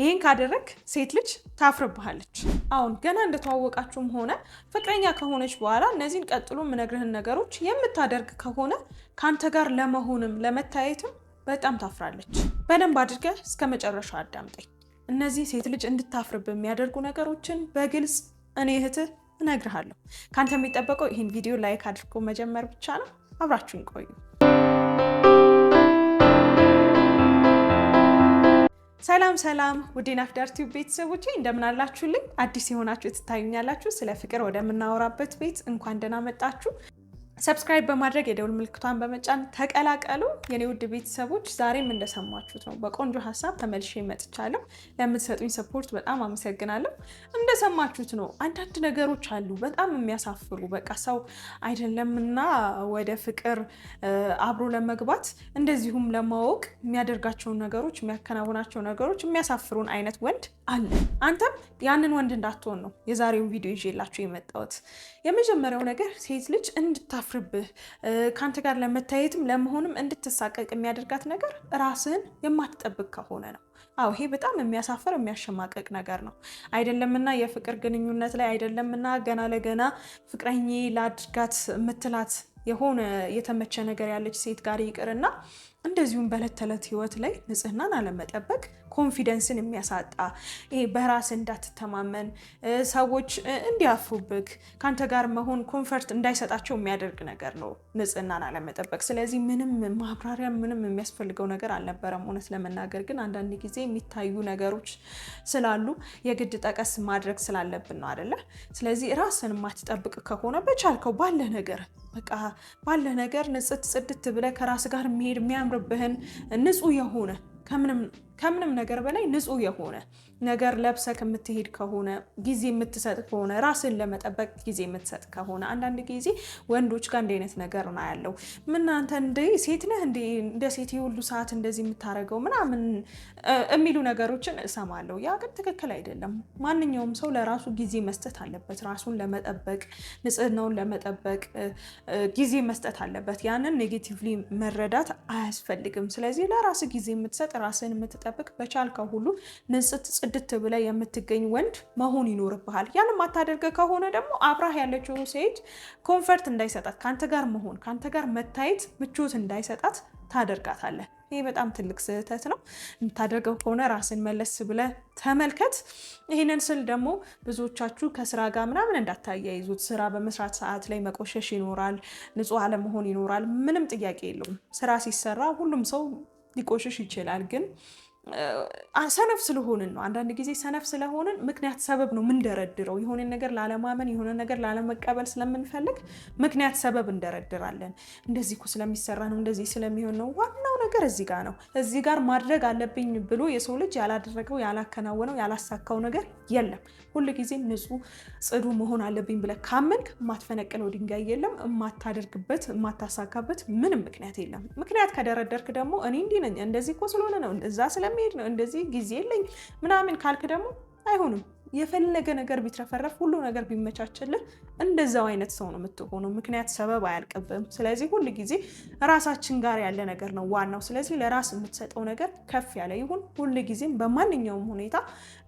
ይህን ካደረግ ሴት ልጅ ታፍርብሃለች። አሁን ገና እንደተዋወቃችሁም ሆነ ፍቅረኛ ከሆነች በኋላ እነዚህን ቀጥሎ የምነግርህን ነገሮች የምታደርግ ከሆነ ከአንተ ጋር ለመሆንም ለመታየትም በጣም ታፍራለች። በደንብ አድርገህ እስከ መጨረሻ አዳምጠኝ። እነዚህ ሴት ልጅ እንድታፍርብ የሚያደርጉ ነገሮችን በግልጽ እኔ እህትህ እነግርሃለሁ። ከአንተ የሚጠበቀው ይህን ቪዲዮ ላይክ አድርጎ መጀመር ብቻ ነው። አብራችሁን ቆዩ። ሰላም ሰላም ውድ ናፊዳር ቲዩብ ቤተሰቦቼ እንደምን አላችሁልኝ? አዲስ የሆናችሁ ትታዩኛላችሁ። ስለ ፍቅር ወደምናወራበት ቤት እንኳን ደህና መጣችሁ። ሰብስክራይብ በማድረግ የደውል ምልክቷን በመጫን ተቀላቀሉ። የኔ ውድ ቤተሰቦች ዛሬም እንደሰማችሁት ነው፣ በቆንጆ ሀሳብ ተመልሼ መጥቻለሁ። ለምትሰጡኝ ሰፖርት በጣም አመሰግናለሁ። እንደሰማችሁት ነው፣ አንዳንድ ነገሮች አሉ በጣም የሚያሳፍሩ። በቃ ሰው አይደለምና ወደ ፍቅር አብሮ ለመግባት እንደዚሁም ለማወቅ የሚያደርጋቸውን ነገሮች የሚያከናውናቸው ነገሮች የሚያሳፍሩን አይነት ወንድ አለ። አንተም ያንን ወንድ እንዳትሆን ነው የዛሬውን ቪዲዮ ይዤላችሁ የመጣሁት። የመጀመሪያው ነገር ሴት ልጅ እንድታ እንድታፍርብህ ከአንተ ጋር ለመታየትም ለመሆንም እንድትሳቀቅ የሚያደርጋት ነገር ራስህን የማትጠብቅ ከሆነ ነው። አዎ ይሄ በጣም የሚያሳፍር የሚያሸማቀቅ ነገር ነው። አይደለምና የፍቅር ግንኙነት ላይ አይደለምና ገና ለገና ፍቅረኛ ለአድርጋት የምትላት የሆነ የተመቸ ነገር ያለች ሴት ጋር ይቅርና እንደዚሁም በዕለት ተዕለት ህይወት ላይ ንጽህናን አለመጠበቅ ኮንፊደንስን የሚያሳጣ በራስ እንዳትተማመን፣ ሰዎች እንዲያፉብክ፣ ከአንተ ጋር መሆን ኮንፈርት እንዳይሰጣቸው የሚያደርግ ነገር ነው ንጽህናን አለመጠበቅ። ስለዚህ ምንም ማብራሪያ ምንም የሚያስፈልገው ነገር አልነበረም። እውነት ለመናገር ግን አንዳንድ ጊዜ የሚታዩ ነገሮች ስላሉ የግድ ጠቀስ ማድረግ ስላለብን ነው አደለ? ስለዚህ ራስን የማትጠብቅ ከሆነ በቻልከው ባለ ነገር በቃ ባለ ነገር ንጽት ጽድት ብለ ከራስ ጋር የሚሄድ የሚያምርብህን ንጹህ የሆነ ከምንም ከምንም ነገር በላይ ንጹህ የሆነ ነገር ለብሰ የምትሄድ ከሆነ ጊዜ የምትሰጥ ከሆነ ራስን ለመጠበቅ ጊዜ የምትሰጥ ከሆነ አንዳንድ ጊዜ ወንዶች ጋር እንዲህ አይነት ነገር ነው ያለው። ምናንተ እንደ ሴት ነህ እንደ ሴት የሁሉ ሰዓት እንደዚህ የምታደርገው ምናምን የሚሉ ነገሮችን እሰማለሁ። ያ ግን ትክክል አይደለም። ማንኛውም ሰው ለራሱ ጊዜ መስጠት አለበት። ራሱን ለመጠበቅ ንጽህናውን ለመጠበቅ ጊዜ መስጠት አለበት። ያንን ኔጌቲቭሊ መረዳት አያስፈልግም። ስለዚህ ለራስ ጊዜ የምትሰጥ ራስን የምትጠ ሳትጠብቅ በቻልከው ሁሉ ንጽት ጽድት ብለ የምትገኝ ወንድ መሆን ይኖርብሃል። ያን አታደርገ ከሆነ ደግሞ አብራህ ያለችው ሴት ኮንፈርት እንዳይሰጣት ከአንተ ጋር መሆን ከአንተ ጋር መታየት ምቾት እንዳይሰጣት ታደርጋታለህ። ይህ በጣም ትልቅ ስህተት ነው። የምታደርገው ከሆነ ራስን መለስ ብለ ተመልከት። ይህንን ስል ደግሞ ብዙዎቻችሁ ከስራ ጋር ምናምን እንዳታያይዙት። ስራ በመስራት ሰዓት ላይ መቆሸሽ ይኖራል፣ ንጹህ አለመሆን ይኖራል። ምንም ጥያቄ የለውም። ስራ ሲሰራ ሁሉም ሰው ሊቆሽሽ ይችላል ግን ሰነፍ ስለሆንን ነው። አንዳንድ ጊዜ ሰነፍ ስለሆንን ምክንያት ሰበብ ነው ምንደረድረው። የሆነ ነገር ላለማመን፣ የሆነ ነገር ላለመቀበል ስለምንፈልግ ምክንያት ሰበብ እንደረድራለን። እንደዚህ እኮ ስለሚሰራ ነው፣ እንደዚህ ስለሚሆን ነው ዋናው ነገር እዚህ ጋር ነው። እዚህ ጋር ማድረግ አለብኝ ብሎ የሰው ልጅ ያላደረገው ያላከናወነው፣ ያላሳካው ነገር የለም። ጊዜ ንጹህ፣ ጽዱ መሆን አለብኝ ብለህ ካመንክ የማትፈነቅለው ድንጋይ የለም። የማታደርግበት የማታሳካበት ምንም ምክንያት የለም። ምክንያት ከደረደርክ ደግሞ እኔ እንዲህ ነኝ፣ እንደዚህ እኮ ስለሆነ ነው፣ እዛ ስለሚሄድ ነው፣ እንደዚህ ጊዜ የለኝ ምናምን ካልክ ደግሞ አይሆንም። የፈለገ ነገር ቢትረፈረፍ ሁሉ ነገር ቢመቻችልን እንደዛው አይነት ሰው ነው የምትሆነው። ምክንያት ሰበብ አያልቅብም። ስለዚህ ሁል ጊዜ ራሳችን ጋር ያለ ነገር ነው ዋናው። ስለዚህ ለራስ የምትሰጠው ነገር ከፍ ያለ ይሁን። ሁል ጊዜም በማንኛውም ሁኔታ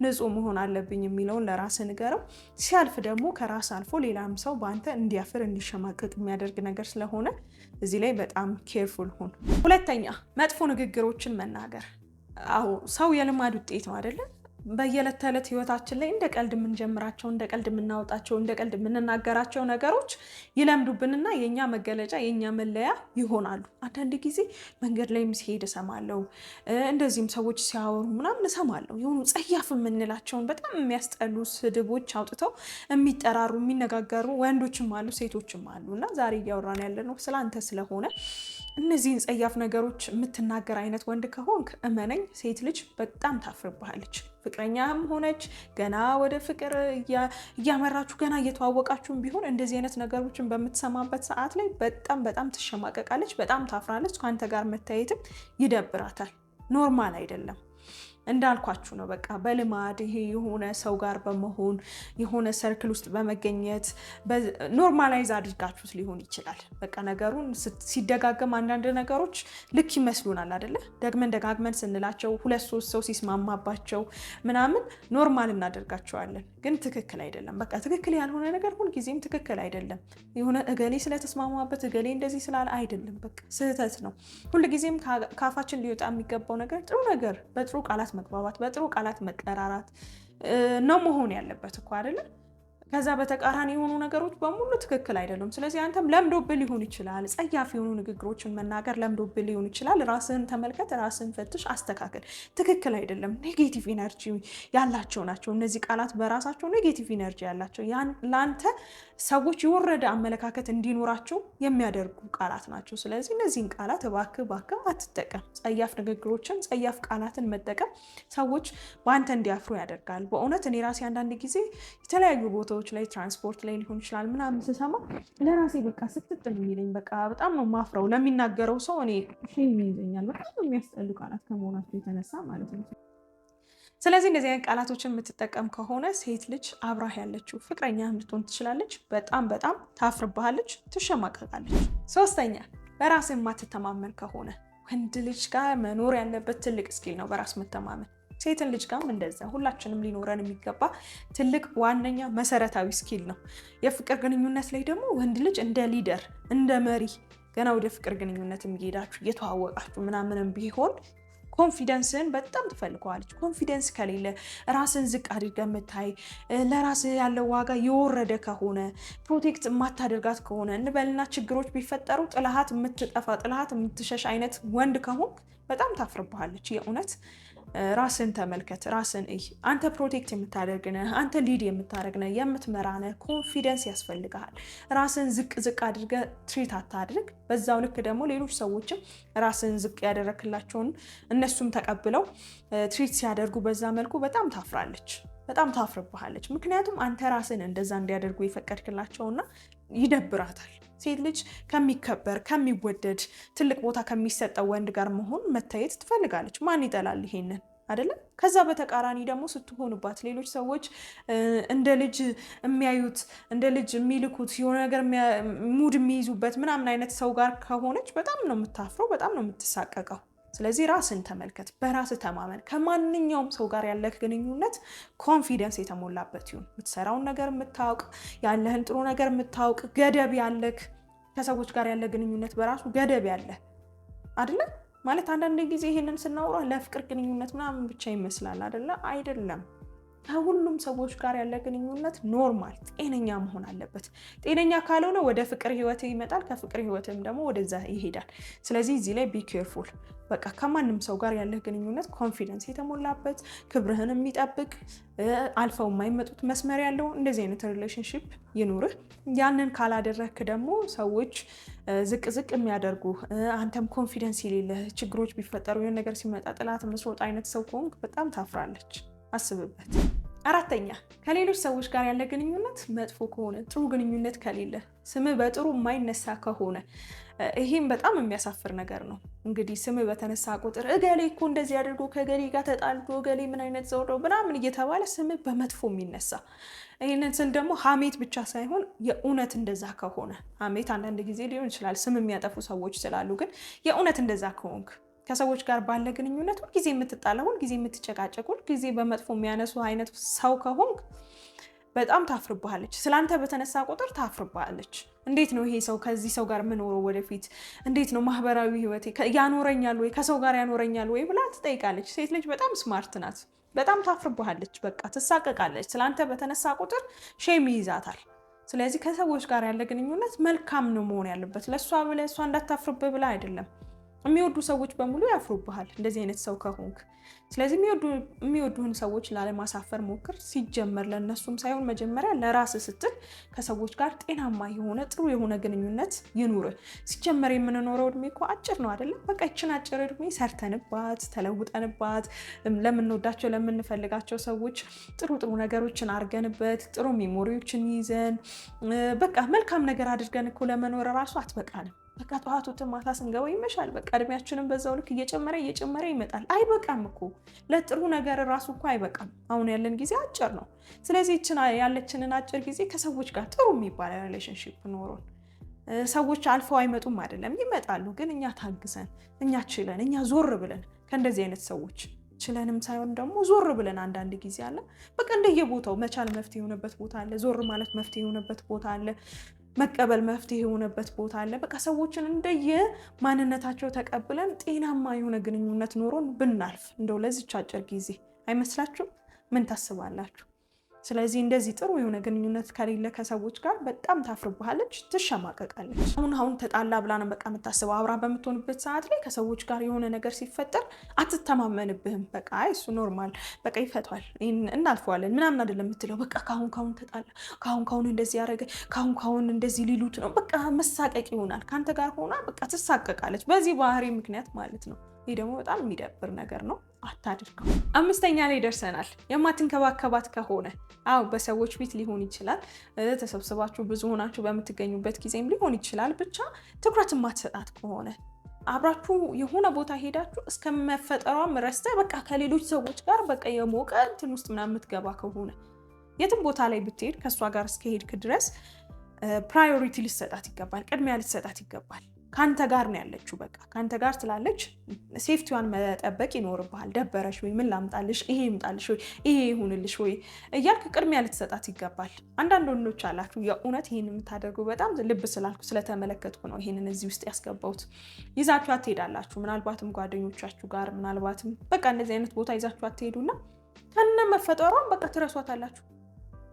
ንጹህ መሆን አለብኝ የሚለውን ለራስ ንገረው። ሲያልፍ ደግሞ ከራስ አልፎ ሌላም ሰው በአንተ እንዲያፍር እንዲሸማቀቅ የሚያደርግ ነገር ስለሆነ እዚህ ላይ በጣም ኬርፉል ሁን። ሁለተኛ መጥፎ ንግግሮችን መናገር። አዎ ሰው የልማድ ውጤት ነው አይደለም በየዕለት ተዕለት ህይወታችን ላይ እንደ ቀልድ የምንጀምራቸው እንደ ቀልድ የምናወጣቸው እንደ ቀልድ የምንናገራቸው ነገሮች ይለምዱብንና የእኛ መገለጫ የእኛ መለያ ይሆናሉ። አንዳንድ ጊዜ መንገድ ላይም ሲሄድ እሰማለሁ፣ እንደዚህም ሰዎች ሲያወሩ ምናምን እሰማለሁ። የሆኑ ጸያፍ የምንላቸውን በጣም የሚያስጠሉ ስድቦች አውጥተው የሚጠራሩ የሚነጋገሩ ወንዶችም አሉ ሴቶችም አሉ እና ዛሬ እያወራን ያለነው ስለ አንተ ስለሆነ እነዚህን ጸያፍ ነገሮች የምትናገር አይነት ወንድ ከሆንክ እመነኝ፣ ሴት ልጅ በጣም ታፍርብሃለች። ፍቅረኛም ሆነች ገና ወደ ፍቅር እያመራችሁ ገና እየተዋወቃችሁም ቢሆን እንደዚህ አይነት ነገሮችን በምትሰማበት ሰዓት ላይ በጣም በጣም ትሸማቀቃለች፣ በጣም ታፍራለች። ከአንተ ጋር መታየትም ይደብራታል። ኖርማል አይደለም። እንዳልኳችሁ ነው። በቃ በልማድ ይሄ የሆነ ሰው ጋር በመሆን የሆነ ሰርክል ውስጥ በመገኘት ኖርማላይዝ አድርጋችሁት ሊሆን ይችላል። በቃ ነገሩን ሲደጋገም አንዳንድ ነገሮች ልክ ይመስሉናል አይደለ? ደግመን ደጋግመን ስንላቸው ሁለት ሶስት ሰው ሲስማማባቸው ምናምን ኖርማል እናደርጋቸዋለን፣ ግን ትክክል አይደለም። በቃ ትክክል ያልሆነ ነገር ሁልጊዜም ትክክል አይደለም። የሆነ እገሌ ስለተስማማበት እገሌ እንደዚህ ስላለ አይደለም። በቃ ስህተት ነው። ሁልጊዜም ከአፋችን ሊወጣ የሚገባው ነገር ጥሩ ነገር በጥሩ ቃላት ቃላት መግባባት፣ በጥሩ ቃላት መጠራራት ነው መሆን ያለበት እኮ አይደለም። ከዛ በተቃራኒ የሆኑ ነገሮች በሙሉ ትክክል አይደሉም። ስለዚህ አንተም ለምዶብ ሊሆን ይችላል። ጸያፍ የሆኑ ንግግሮችን መናገር ለምዶብ ሊሆን ይችላል። ራስህን ተመልከት፣ ራስህን ፈትሽ፣ አስተካከል። ትክክል አይደለም። ኔጌቲቭ ኢነርጂ ያላቸው ናቸው እነዚህ ቃላት በራሳቸው ኔጌቲቭ ኢነርጂ ያላቸው ለአንተ ሰዎች የወረደ አመለካከት እንዲኖራቸው የሚያደርጉ ቃላት ናቸው። ስለዚህ እነዚህን ቃላት እባክህ እባክህ አትጠቀም። ጸያፍ ንግግሮችን፣ ጸያፍ ቃላትን መጠቀም ሰዎች በአንተ እንዲያፍሩ ያደርጋል። በእውነት እኔ ራሴ አንዳንድ ጊዜ የተለያዩ ቦታዎች ነገሮች ላይ ትራንስፖርት ላይ ሊሆን ይችላል ምናምን ስሰማ ለራሴ በቃ ስትጥ የሚለኝ በቃ በጣም ነው ማፍረው ለሚናገረው ሰው እኔ ሼም ይዘኛል። በጣም የሚያስጠሉ ቃላት ከመሆናቸው የተነሳ ማለት ነው። ስለዚህ እንደዚህ አይነት ቃላቶችን የምትጠቀም ከሆነ ሴት ልጅ አብራህ ያለችው ፍቅረኛ ልትሆን ትችላለች። በጣም በጣም ታፍርብሃለች፣ ትሸማቀቃለች። ሶስተኛ በራስ የማትተማመን ከሆነ ወንድ ልጅ ጋር መኖር ያለበት ትልቅ ስኪል ነው በራስ መተማመን ሴትን ልጅ ጋም እንደዛ ሁላችንም ሊኖረን የሚገባ ትልቅ ዋነኛ መሰረታዊ ስኪል ነው። የፍቅር ግንኙነት ላይ ደግሞ ወንድ ልጅ እንደ ሊደር እንደ መሪ ገና ወደ ፍቅር ግንኙነት የሚሄዳችሁ እየተዋወቃችሁ ምናምንም ቢሆን ኮንፊደንስን በጣም ትፈልገዋለች። ኮንፊደንስ ከሌለ ራስን ዝቅ አድርገ የምታይ ለራስ ያለው ዋጋ የወረደ ከሆነ ፕሮቴክት የማታደርጋት ከሆነ እንበልና ችግሮች ቢፈጠሩ ጥልሃት የምትጠፋ ጥልሃት የምትሸሽ አይነት ወንድ ከሆን በጣም ታፍርብሃለች የእውነት ራስን ተመልከት፣ ራስን እይ። አንተ ፕሮቴክት የምታደርግ ነህ፣ አንተ ሊድ የምታደርግ ነህ፣ የምትመራ ነህ። ኮንፊደንስ ያስፈልግሃል። ራስን ዝቅ ዝቅ አድርገ ትሪት አታድርግ። በዛው ልክ ደግሞ ሌሎች ሰዎችም ራስን ዝቅ ያደረክላቸውን እነሱም ተቀብለው ትሪት ሲያደርጉ በዛ መልኩ በጣም ታፍራለች፣ በጣም ታፍርብሃለች። ምክንያቱም አንተ ራስን እንደዛ እንዲያደርጉ የፈቀድክላቸውና ይደብራታል። ሴት ልጅ ከሚከበር ከሚወደድ ትልቅ ቦታ ከሚሰጠው ወንድ ጋር መሆን መታየት ትፈልጋለች። ማን ይጠላል ይሄንን አይደለም? ከዛ በተቃራኒ ደግሞ ስትሆኑባት ሌሎች ሰዎች እንደ ልጅ የሚያዩት እንደ ልጅ የሚልኩት የሆነ ነገር ሙድ የሚይዙበት ምናምን አይነት ሰው ጋር ከሆነች በጣም ነው የምታፍረው፣ በጣም ነው የምትሳቀቀው። ስለዚህ ራስን ተመልከት፣ በራስ ተማመን። ከማንኛውም ሰው ጋር ያለህ ግንኙነት ኮንፊደንስ የተሞላበት ይሁን። የምትሰራውን ነገር የምታውቅ፣ ያለህን ጥሩ ነገር የምታውቅ፣ ገደብ ያለህ፣ ከሰዎች ጋር ያለ ግንኙነት በራሱ ገደብ ያለ አደለ? ማለት። አንዳንድ ጊዜ ይህንን ስናወራ ለፍቅር ግንኙነት ምናምን ብቻ ይመስላል አደለ? አይደለም። ከሁሉም ሰዎች ጋር ያለ ግንኙነት ኖርማል ጤነኛ መሆን አለበት። ጤነኛ ካልሆነ ወደ ፍቅር ህይወት ይመጣል፣ ከፍቅር ህይወትም ደግሞ ወደዛ ይሄዳል። ስለዚህ እዚህ ላይ ቢ ኬርፉል በቃ ከማንም ሰው ጋር ያለህ ግንኙነት ኮንፊደንስ የተሞላበት ክብርህን የሚጠብቅ አልፈው የማይመጡት መስመር ያለው እንደዚህ አይነት ሪሌሽንሽፕ ይኑርህ። ያንን ካላደረክ ደግሞ ሰዎች ዝቅ ዝቅ የሚያደርጉ አንተም ኮንፊደንስ የሌለህ ችግሮች ቢፈጠሩ የሆነ ነገር ሲመጣ ጥላት መስሮጥ አይነት ሰው ከሆንክ በጣም ታፍራለች። አስብበት። አራተኛ ከሌሎች ሰዎች ጋር ያለ ግንኙነት መጥፎ ከሆነ ጥሩ ግንኙነት ከሌለ ስምህ በጥሩ የማይነሳ ከሆነ ይሄም በጣም የሚያሳፍር ነገር ነው። እንግዲህ ስምህ በተነሳ ቁጥር እገሌ እኮ እንደዚህ አድርጎ ከገሌ ጋር ተጣልቶ እገሌ ምን አይነት ዘውዶ ምናምን እየተባለ ስምህ በመጥፎ የሚነሳ ይህንን ስን ደግሞ ሀሜት ብቻ ሳይሆን የእውነት እንደዛ ከሆነ ሀሜት አንዳንድ ጊዜ ሊሆን ይችላል ስም የሚያጠፉ ሰዎች ስላሉ፣ ግን የእውነት እንደዛ ከሆንክ ከሰዎች ጋር ባለ ግንኙነት ሁልጊዜ የምትጣላ፣ ሁልጊዜ የምትጨቃጨቅ፣ ሁልጊዜ በመጥፎ የሚያነሱ አይነት ሰው ከሆንክ በጣም ታፍርብሃለች። ስለአንተ በተነሳ ቁጥር ታፍርብሃለች። እንዴት ነው ይሄ ሰው ከዚህ ሰው ጋር የምኖረው ወደፊት እንዴት ነው ማህበራዊ ህይወቴ ያኖረኛል ወይ ከሰው ጋር ያኖረኛል ወይ ብላ ትጠይቃለች። ሴት ልጅ በጣም ስማርት ናት። በጣም ታፍርብሃለች። በቃ ትሳቀቃለች። ስለአንተ በተነሳ ቁጥር ሼም ይይዛታል። ስለዚህ ከሰዎች ጋር ያለ ግንኙነት መልካም ነው መሆን ያለበት። ለእሷ ብለህ እሷ እንዳታፍርብህ ብላ አይደለም የሚወዱ ሰዎች በሙሉ ያፍሩብሃል እንደዚህ አይነት ሰው ከሆንክ። ስለዚህ የሚወዱህን ሰዎች ላለማሳፈር ሞክር። ሲጀመር ለእነሱም ሳይሆን መጀመሪያ ለራስ ስትል ከሰዎች ጋር ጤናማ የሆነ ጥሩ የሆነ ግንኙነት ይኑር። ሲጀመር የምንኖረው እድሜ እኮ አጭር ነው አይደለም? በቃ ይችን አጭር እድሜ ሰርተንባት ተለውጠንባት ለምንወዳቸው ለምንፈልጋቸው ሰዎች ጥሩ ጥሩ ነገሮችን አድርገንበት ጥሩ ሜሞሪዎችን ይዘን በቃ መልካም ነገር አድርገን እኮ ለመኖር ራሱ አትበቃንም። በቃ ጠዋት ወጥተን ማታ ስንገባ ይመሻል። በቃ እድሜያችንም በዛው ልክ እየጨመረ እየጨመረ ይመጣል። አይበቃም እኮ ለጥሩ ነገር ራሱ እኮ አይበቃም። አሁን ያለን ጊዜ አጭር ነው። ስለዚህ ይችን ያለችንን አጭር ጊዜ ከሰዎች ጋር ጥሩ የሚባል ሪሌሽንሽፕ ኖሮን ሰዎች አልፈው አይመጡም አይደለም፣ ይመጣሉ። ግን እኛ ታግሰን እኛ ችለን እኛ ዞር ብለን ከእንደዚህ አይነት ሰዎች ችለንም ሳይሆን ደግሞ ዞር ብለን አንዳንድ ጊዜ አለ በቃ እንደየቦታው መቻል መፍትሄ የሆነበት ቦታ አለ። ዞር ማለት መፍትሄ የሆነበት ቦታ አለ። መቀበል መፍትሄ የሆነበት ቦታ አለ። በቃ ሰዎችን እንደየ ማንነታቸው ተቀብለን ጤናማ የሆነ ግንኙነት ኖሮን ብናልፍ እንደው ለዚች አጭር ጊዜ አይመስላችሁም? ምን ታስባላችሁ? ስለዚህ እንደዚህ ጥሩ የሆነ ግንኙነት ከሌለ ከሰዎች ጋር በጣም ታፍርብሃለች፣ ትሸማቀቃለች። አሁን አሁን ተጣላ ብላ ነው በቃ የምታስበው። አብራ በምትሆንበት ሰዓት ላይ ከሰዎች ጋር የሆነ ነገር ሲፈጠር አትተማመንብህም። በቃ እሱ ኖርማል፣ በቃ ይፈቷል፣ እናልፈዋለን ምናምን አይደለም የምትለው። በቃ ካሁን ካሁን ተጣላ፣ ካሁን ካሁን እንደዚህ ያደረገ፣ ካሁን ካሁን እንደዚህ ሊሉት ነው። በቃ መሳቀቅ ይሆናል። ከአንተ ጋር ሆና በቃ ትሳቀቃለች፣ በዚህ ባህሪ ምክንያት ማለት ነው። ይህ ደግሞ በጣም የሚደብር ነገር ነው። አታድርገው። አምስተኛ ላይ ደርሰናል። የማትንከባከባት ከሆነ አው በሰዎች ፊት ሊሆን ይችላል፣ ተሰብስባችሁ ብዙ ሆናችሁ በምትገኙበት ጊዜም ሊሆን ይችላል። ብቻ ትኩረት የማትሰጣት ከሆነ አብራችሁ የሆነ ቦታ ሄዳችሁ እስከመፈጠሯም ረስተ በቃ ከሌሎች ሰዎች ጋር በቃ የሞቀ እንትን ውስጥ ምናምን የምትገባ ከሆነ የትም ቦታ ላይ ብትሄድ ከእሷ ጋር እስከሄድክ ድረስ ፕራዮሪቲ ልትሰጣት ይገባል፣ ቅድሚያ ልትሰጣት ይገባል። ከአንተ ጋር ነው ያለችው። በቃ ከአንተ ጋር ስላለች ሴፍቲዋን መጠበቅ ይኖርብሃል። ደበረሽ ወይ ምን ላምጣልሽ፣ ይሄ ይምጣልሽ ወይ ይሄ ይሁንልሽ ወይ እያልክ ቅድሚያ ልትሰጣት ይገባል። አንዳንድ ወንዶች አላችሁ፣ የእውነት ይህን የምታደርገው በጣም ልብ ስላልኩ ስለተመለከትኩ ነው ይህንን እዚህ ውስጥ ያስገባሁት። ይዛችሁ አትሄዳላችሁ ምናልባትም ጓደኞቻችሁ ጋር ምናልባትም በቃ እንደዚህ አይነት ቦታ ይዛችሁ አትሄዱና ከነ መፈጠሯን በቃ ትረሷታላችሁ።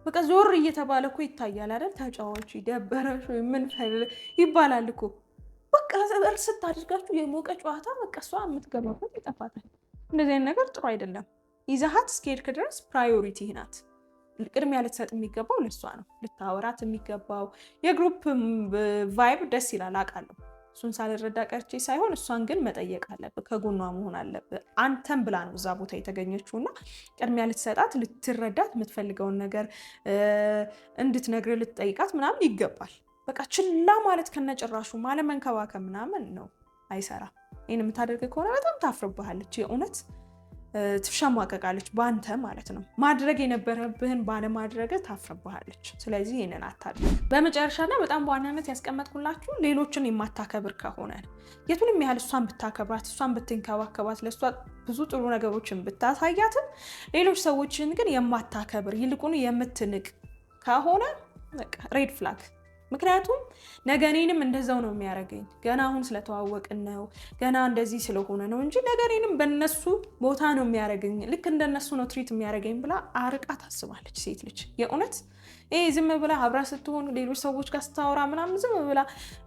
በቃ ዞር እየተባለ እኮ ይታያል አይደል? ተጫዋች ደበረሽ ወይ ምን ይባላል እኮ እርስ ስታደርጋችሁ የሞቀ ጨዋታ በቃ እሷ የምትገባበት ይጠፋታል። እንደዚህ አይነት ነገር ጥሩ አይደለም። ይዛሀት እስከሄድክ ድረስ ፕራዮሪቲ ናት። ቅድሚያ ልትሰጥ የሚገባው ለእሷ ነው። ልታወራት የሚገባው የግሩፕ ቫይብ ደስ ይላል፣ አውቃለሁ። እሱን ሳልረዳ ቀርቼ ሳይሆን እሷን ግን መጠየቅ አለብህ፣ ከጎኗ መሆን አለብህ። አንተን ብላ ነው እዛ ቦታ የተገኘችው እና ቅድሚያ ልትሰጣት፣ ልትረዳት፣ የምትፈልገውን ነገር እንድትነግር፣ ልትጠይቃት ምናምን ይገባል። በቃ ችላ ማለት ከነጭራሹ አለመንከባከብ ምናምን ነው፣ አይሰራ ይህን የምታደርግ ከሆነ በጣም ታፍርብሃለች። የእውነት ትሸማቀቃለች፣ በአንተ ማለት ነው። ማድረግ የነበረብህን ባለማድረግ ታፍርብሃለች። ስለዚህ ይህንን አታድርግ። በመጨረሻና በጣም በዋናነት ያስቀመጥኩላችሁ ሌሎችን የማታከብር ከሆነ የቱንም ያህል እሷን ብታከብራት፣ እሷን ብትንከባከባት፣ ለእሷ ብዙ ጥሩ ነገሮችን ብታሳያትም ሌሎች ሰዎችን ግን የማታከብር ይልቁን የምትንቅ ከሆነ ሬድ ፍላግ ምክንያቱም ነገ እኔንም እንደዛው ነው የሚያደርገኝ። ገና አሁን ስለተዋወቅን ነው ገና እንደዚህ ስለሆነ ነው እንጂ ነገ እኔንም በነሱ ቦታ ነው የሚያደርገኝ፣ ልክ እንደነሱ ነው ትሪት የሚያደርገኝ ብላ አርቃ ታስባለች ሴት ልጅ የእውነት ይሄ ዝም ብላ አብራ ስትሆን ሌሎች ሰዎች ጋር ስታወራ ምናምን ዝም ብላ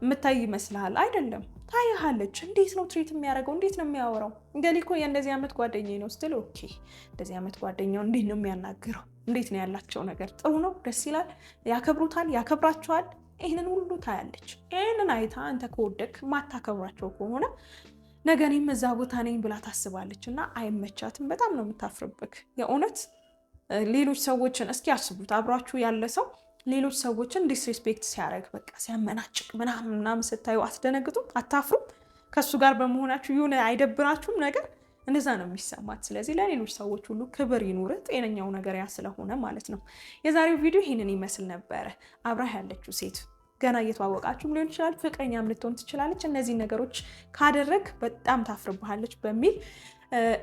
የምታይ ይመስልሃል? አይደለም፣ ታይሃለች። እንዴት ነው ትሪት የሚያደርገው? እንዴት ነው የሚያወራው? እንገሌ እኮ የእንደዚህ ዓመት ጓደኛ ነው ስትል፣ ኦኬ እንደዚህ ዓመት ጓደኛው እንዴት ነው የሚያናግረው? እንዴት ነው ያላቸው ነገር? ጥሩ ነው፣ ደስ ይላል፣ ያከብሩታል፣ ያከብራቸዋል ይህንን ሁሉ ታያለች። ይህንን አይታ አንተ ከወደቅ ማታከብራቸው ከሆነ ነገ እኔም እዛ ቦታ ነኝ ብላ ታስባለች እና አይመቻትም። በጣም ነው የምታፍርብክ። የእውነት ሌሎች ሰዎችን እስኪ ያስቡት። አብሯችሁ ያለ ሰው ሌሎች ሰዎችን ዲስሪስፔክት ሲያደርግ በቃ ሲያመናጭቅ ምናምን ምናምን ስታዩ አትደነግጡም? አታፍሩም? ከእሱ ጋር በመሆናችሁ የሆነ አይደብራችሁም ነገር እንደዛ ነው የሚሰማት። ስለዚህ ለሌሎች ሰዎች ሁሉ ክብር ይኑር፣ ጤነኛው ነገር ያ ስለሆነ ማለት ነው። የዛሬው ቪዲዮ ይህንን ይመስል ነበረ። አብራህ ያለችው ሴት ገና እየተዋወቃችሁም ሊሆን ይችላል፣ ፍቅረኛም ልትሆን ትችላለች። እነዚህ ነገሮች ካደረግ በጣም ታፍርብሃለች በሚል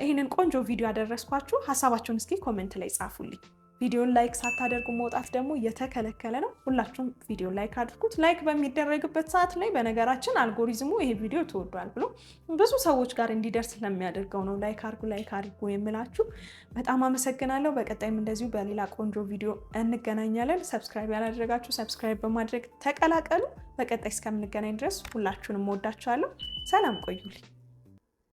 ይህንን ቆንጆ ቪዲዮ ያደረስኳችሁ፣ ሀሳባችሁን እስኪ ኮመንት ላይ ጻፉልኝ። ቪዲዮን ላይክ ሳታደርጉ መውጣት ደግሞ የተከለከለ ነው። ሁላችሁም ቪዲዮ ላይክ አድርጉት። ላይክ በሚደረግበት ሰዓት ላይ በነገራችን አልጎሪዝሙ ይሄ ቪዲዮ ተወዷል ብሎ ብዙ ሰዎች ጋር እንዲደርስ ስለሚያደርገው ነው ላይክ አድርጉ፣ ላይክ አድርጉ የምላችሁ። በጣም አመሰግናለሁ። በቀጣይም እንደዚሁ በሌላ ቆንጆ ቪዲዮ እንገናኛለን። ሰብስክራይብ ያላደረጋችሁ ሰብስክራይብ በማድረግ ተቀላቀሉ። በቀጣይ እስከምንገናኝ ድረስ ሁላችሁንም ወዳችኋለሁ። ሰላም ቆዩልኝ።